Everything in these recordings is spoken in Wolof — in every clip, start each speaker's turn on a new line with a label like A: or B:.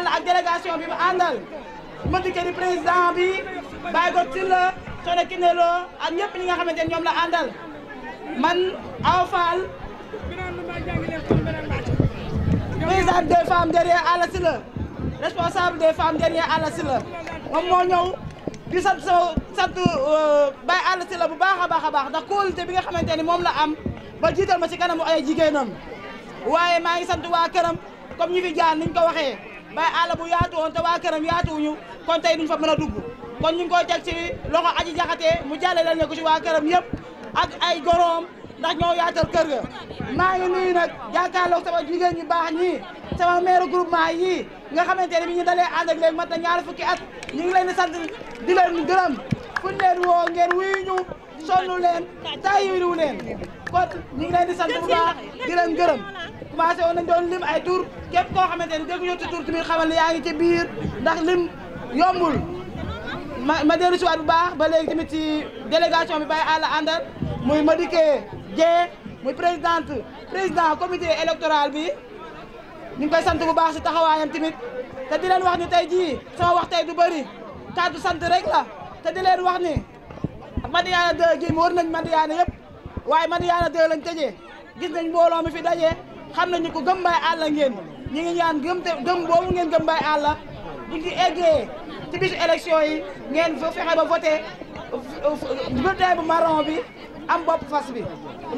A: ànd ak délégation bi mu ma dikkee di président bi bàyyi ko ci la soxna Kineloo ak ñëpp ñi nga xamante ne la àndal man Awa Fall présidente des femmes derrière Alla Sylla responsable des femmes derrière Alla Sylla moom moo ñëw di sant sa sant euh, Baye Alla Sylla bu baax a baax a baax bi nga xamante ni moom la am ba jiital ma ci kanamu ay jigéenam waaye maa ngi sant waa këram comme ñu fi jaar niñ ko waxee bàyyi àll bu yaatu woon te waa këram yaatuwuñu kon tey duñ fa mën a dugg kon ñu ngi koy teg ci loxo aji jaxate mu jàllale ñu ko ci waa këram yëpp ak ay goroom ndax ñoo yaatal kër ga maa ngi nuyu nag jàkkaarloog sama jigéen ñu baax ñii sama maire groupement yii nga xamante ne bi ñu dalee ànd ak léegi mat na ñaar fukki at ñu ngi leen di sant di leen gërëm fu leen woo ngeen wuyu ñu sonnu leen tàyyiwu leen kon ñu ngi leen di bu baax di gërëm commencé woon nañ doon lim ay tur képp koo xamante ne dégg ñu ci tur tamit xamal ne yaa ngi ci biir ndax lim yombul ma ma dellu si waat bu baax ba léegi tamit ci délégation bi bàyyi àll àndal muy Madické Dieng muy présidente président comité électoral bi ñu ngi koy sant bu baax si taxawaayam tamit te di leen wax ni tey jii sama wax tey du bëri kàddu sant rek la te di leen wax ni Madiyana 2 gi mu wër nañ Madiyana yëpp waaye Madiyana 2 lañ tëjee gis nañ mbooloo mi fi xam nañu ko gëm Baay Alla ngeen ñu ngi ñaan gëm gëm boobu ngeen gëm Baay Alla buñ ci eggee ci bisu élection yi ngeen fa fexe ba voté bulletin bu marron bi am bopp fas bi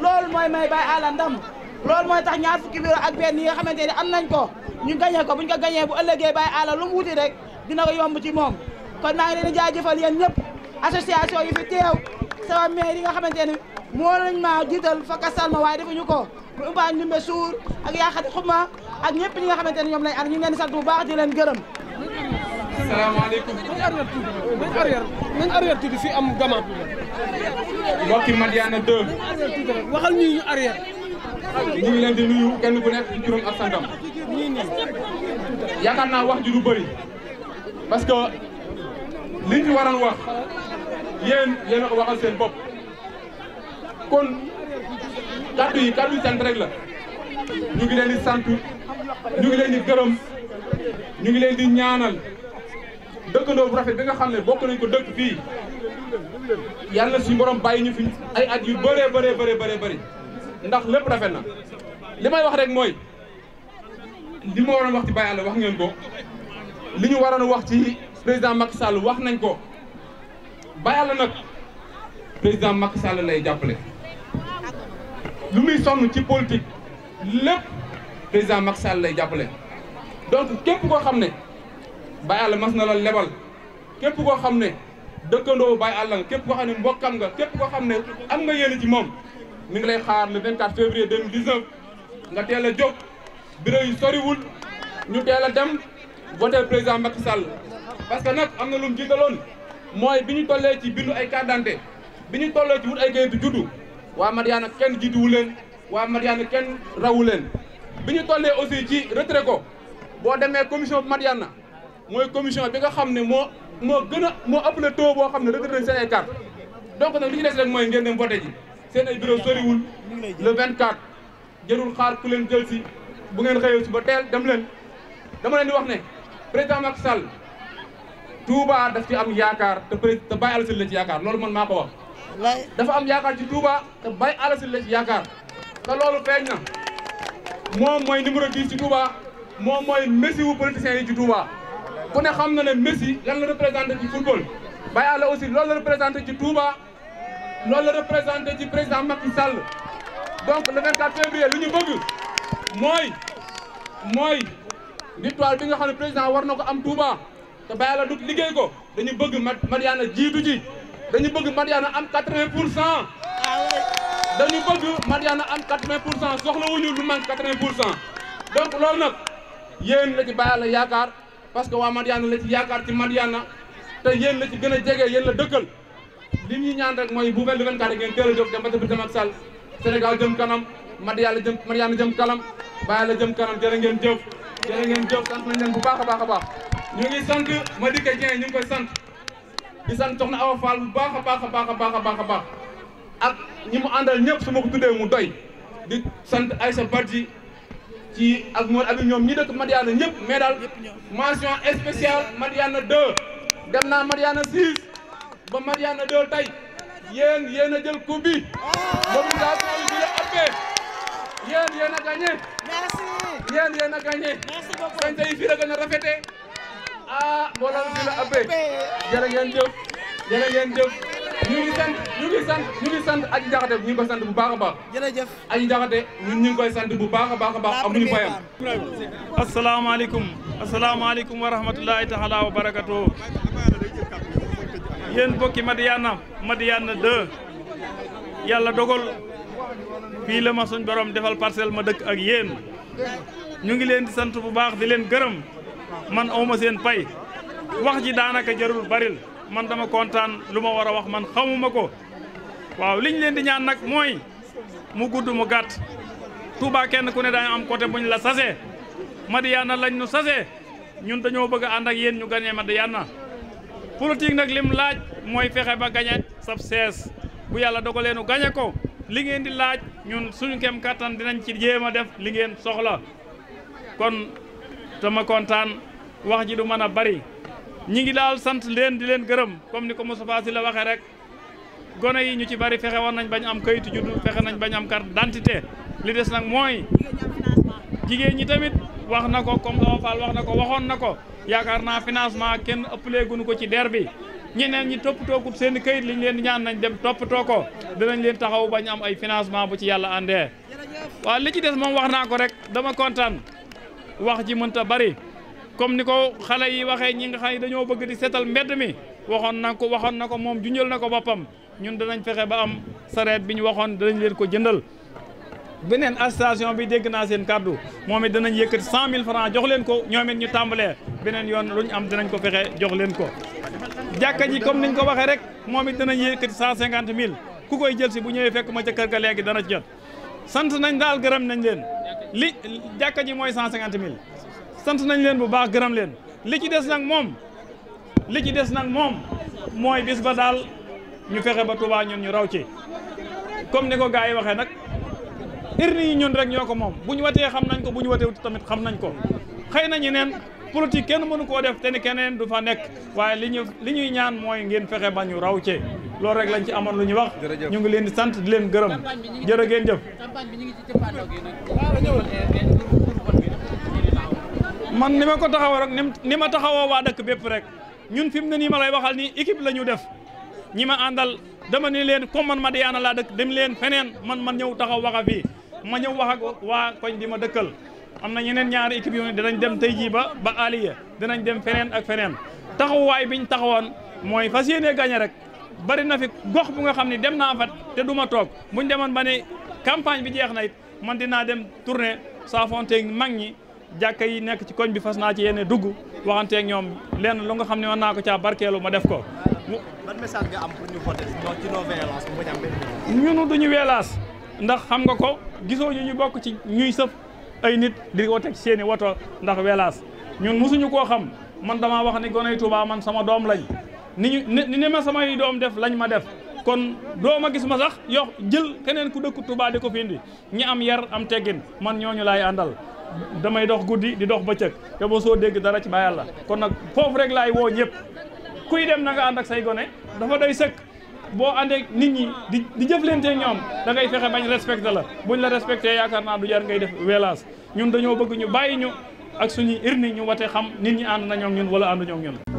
A: loolu mooy may Baay Alla ndam loolu mooy tax ñaar fukki bureau ak benn yi nga xamante ne am nañ ko ñu gañee ko buñ ko gañee bu ëllëgee Baay Alla lu mu wuti rek dina ko yomb ci moom kon maa ngi leen di jëfal yen ñëpp association yi fi teew sama maire yi nga xamante ne moo nañ ma jiital fa kasal ma ko Uba Ndimbe Suur ak yaa xati xuma ak ñëpp ñi nga xamante ne ñoom lañ ànd ñu ngi leen di sant bu baax di leen gërëm.
B: salaamaaleykum. nañ arrière tuuti nañ arrière nañ arrière tuuti fi am gamaat bi. mbokki Madiana 2. waxal ñii ñu arrière. ñu ngi leen di nuyu kenn ku nekk ci turam ak santam. yaakaar naa wax ji du bëri. parce que liñ fi waroon wax yéen yéen a ko waxal seen bopp kon. kaddu yi kaddu yi sant rek la ñu ngi leen di sant ñu ngi leen di gërëm ñu ngi leen di ñaanal dëkkandoo bu rafet bi nga xam ne bokk nañ ko dëkk fii yàlla suñu borom bàyyi ñu fi ay at yu bëree bëree bëree bëree bëri ndax lépp rafet na li may wax rek mooy li ma waroon wax ci Baye wax ngeen ko li ñu waroon wax ci président Macky Sall wax nañ ko Baye nag président Macky Sall lay jàppale lu muy sonn ci politique lépp président Macky Sall lay jàppale donc képp koo xam ne Baye Alla mas na la lebal képp koo xam ne dëkkandoo Baye Alla nga képp koo xam ne mbokkam nga képp koo xam ne am nga yéene ci moom mi ngi lay xaar le 24 février 2019 nga teel a jóg bureau yu soriwul ñu teel a dem voter président Macky Sall parce que nag am na lu mu jiitaloon mooy bi ñu tollee ci bindu ay carte d'identité bi ñu tollee ci wut ay kayitu juddu wa mariana ken jiituwu leen wa mariana ken rawu leen bi ñu aussi ci retrait ko bo démé commission mariana moy commission bi nga xamné mo mo gëna mo a moo ëpp le taux boo xam ne retrait nañ ay carte donc nak li ci dess rek moy ngeen dem voter ji sen ay bureau sori wul le 24 jërul xaar ku leen jël ci bu ngeen xeyo ci ba tel dem leen dama leen di wax né président Macky Sall Touba daf ci am yaakar te président te bàyyi àll la ci yaakar lolou man mako wax. dafa am yaakaar ji Touba te Baye Alla Sylla la ci yaakaar te loolu feeñ na moom mooy numéro 10 ci Touba moom mooy Messi wu politiciens yi ci Touba ku ne xam na ne Messi lan la représenté ci football Baye Alla aussi loolu la représenté ci Touba loolu la représenté ci président Macky Sall donc le 24 février lu ñu bëgg mooy mooy victoire bi nga xam ne président war na ko am Touba te Baye Alla dut liggéey ko dañu bëgg Mariana jiitu ji dañu bëgg Mariana am 80 pour cent dañu bëgg Mariana am 80 soxla wuñu lu manque 80 donc lool nak yeen la ci bàyyi yaakar parce que wa Mariana la ci yaakar ci Mariana te yeen la ci gëna jégué yeen la dëkkal li ñuy ñaan rek moy bu mel 24 ngeen teel jox dem ba tëb sal ak Sénégal jëm kanam Mariana jëm Mariana jëm kanam bàyyi jëm kanam jërë ngeen jëf jërë ngeen jëf sant nañ leen bu baaxa baaxa baax ñu ngi sant Madické Dieng ñu ngi koy sant di sant soxna Awa Fall bu baakha a baakha a baakha a a a ak ñimu andal ñepp suma ko tuddé mu doy di sant Aïssa Badji ci ak mo abi ñom ñi dekk Madiana ñepp mais dal mention spéciale Madiana 2 dem na Madiana 6 ba Madiana 2 tay yeen yeena a jël coupe bi ba mu da ko di appé yeen a gagné. merci yeen yeena gagné. merci beaucoup sant ay fi la gëna a ah mbooloo mi la abbé jërë ngeen jëf ñu ngi sant ñu ngi sant ñu ngi
C: ñu ngi sant bu baax a baax. jërëjëf Adji Diakhaté ñu ngi koy sant bu baax a baax a baax amuñu fayam. asalaamaaleykum asalaamaaleykum wa rahmatulahi taala wa barakatu. yéen bokki Madiyana Madiyana 2 yàlla dogal fii la ma suñ borom defal parcelle ma dëkk ak yéen ñu ngi leen sant bu baax di leen gërëm. man awma seen pay wax ji daanaka jarul baril man dama kontaan lu ma war a wax man xamuma ko waaw liñ leen di ñaan nag mooy mu gudd mu gàtt Touba kenn ku ne daañ am côté buñ la sase Madiyana lañ nu sase ñun dañoo bëgg a ànd ak yéen ñu gañee Madiyana politique nag lim laaj mooy fexe ba gañe sab sees bu yàlla dogalee nu gañe ko li di laaj ñun suñu kattan kàttan dinañ ci jéem a def li ngeen soxla kon te ma kontaan wax ji du mën a bari ñi ngi daal sant leen di leen gërëm comme ni ko Moustapha Sy la waxee rek gone yi ñu ci bari fexe woon nañ bañ am kayitu juddu fexe nañ bañ am carte d'identité li des nag mooy jigéen ñi tamit wax na ko comme sama wax na ko waxoon na ko yaakaar naa financement kenn ëpp ëppaleegunu ko ci der bi ñeneen ñi toppatoo ko seen kayit liñ leen di ñaan nañ dem toppatoo ko dinañ leen taxaw bañ am ay financement bu ci yàlla àndee waaw li ci des wax ji mënta bari comme ni ko xale yi waxee ñi nga xam yi dañoo bëgg di seetal mbedd mi waxoon na ko waxoon na ko moom junjal na ko boppam ñun danañ fexe ba am sareet bi ñu waxoon danañ leen ko jëndal. beneen association bi dégg naa seen kàddu moom it danañ yëkkati cent mille francs jox leen ko ñoom it ñu tàmbalee beneen yoon lu ñu am dinañ ko fexe jox leen ko. jàkka ji comme niñ ko waxee rek moom it danañ yëkkati cent cinquante mille ku koy jël si bu ñëwee fekk ma ca kër ga léegi dana jot sant nañ daal gërëm nañ leen. li jàkka ji mooy cent cinquante mille sant nañ leen bu baax gërëm leen li ci des nag moom li ci des nag moom mooy bis ba daal ñu fexe ba Touba ñun ñu raw ci comme ni ko gaa yi waxee nag urnes yi ñun rek ñoo ko moom bu ñu watee xam nañ ko bu ñu watee tamit xam nañ ko xëy na ñu neen politique kenn mënu koo def te ni keneen du fa nekk waaye li ñu li ñuy ñaan mooy ngeen fexe ba ñu raw ci lo rek lañ ci amone lu wax ñu ngi leen di sant di leen gërëm jëre ngeen jëf man nima ko taxaw rek nima taxaw wa dekk dëkk rek ñun fim ne ni ma lay waxal ni équipe lañu def ñima andal dama ni leen ko man ma diyaana laa dem leen fenen. man man ñew taxaw waxa fi ma ñew wax ak wa koñ bi ma dëkkal ñeneen ñaar équipe yu dinañ dem tay ji ba ba aliya dinañ dem fenen ak taxaw way biñ taxawon moy fasiyene yéenee rek bari na fi gox bu nga xam ne dem naa fa te du ma toog buñ demoon ba ne campagne bi jeex na man dinaa dem tournée saafonteeg mag ñi jàkk yi nekk ci koñ bi fas naa ci yéene dugg waxanteeg ñoom lenn lu nga xam ne mën naa ko caa barkeelu ma def ko.
A: ban message am pour ñu voter ci non violence
C: ñunu duñu weelaas ndax xam nga ko gisoo ñu ñu bokk ci ñuy sëf ay nit di ko teg seeni woto ndax weelaas ñun mosuñu koo xam man damaa wax ni goney Touba man sama doom lañ. ni ñu ni ni ma samay doom def lañu ma def kon doom a gis ma sax yox jël keneen ku dëkku Touba di ko fi indi ñi am yar am teggin man ñooñu laay àndal damay dox guddi di dox bëccëg te ba soo dégg dara ci ba la kon nag foofu rek laay woo ñëpp kuy dem na nga ànd ak say gone dafa doy sëkk boo àndee nit ñi di di jëflante ñoom da ngay fexe bañ respecté la buñ la respecté yaakaar naa du jar ngay def welaas ñun dañoo bëgg ñu bàyyi ñu ak suñuy irni ñu wate xam nit ñi ànd na ñoom wala àndu ñoom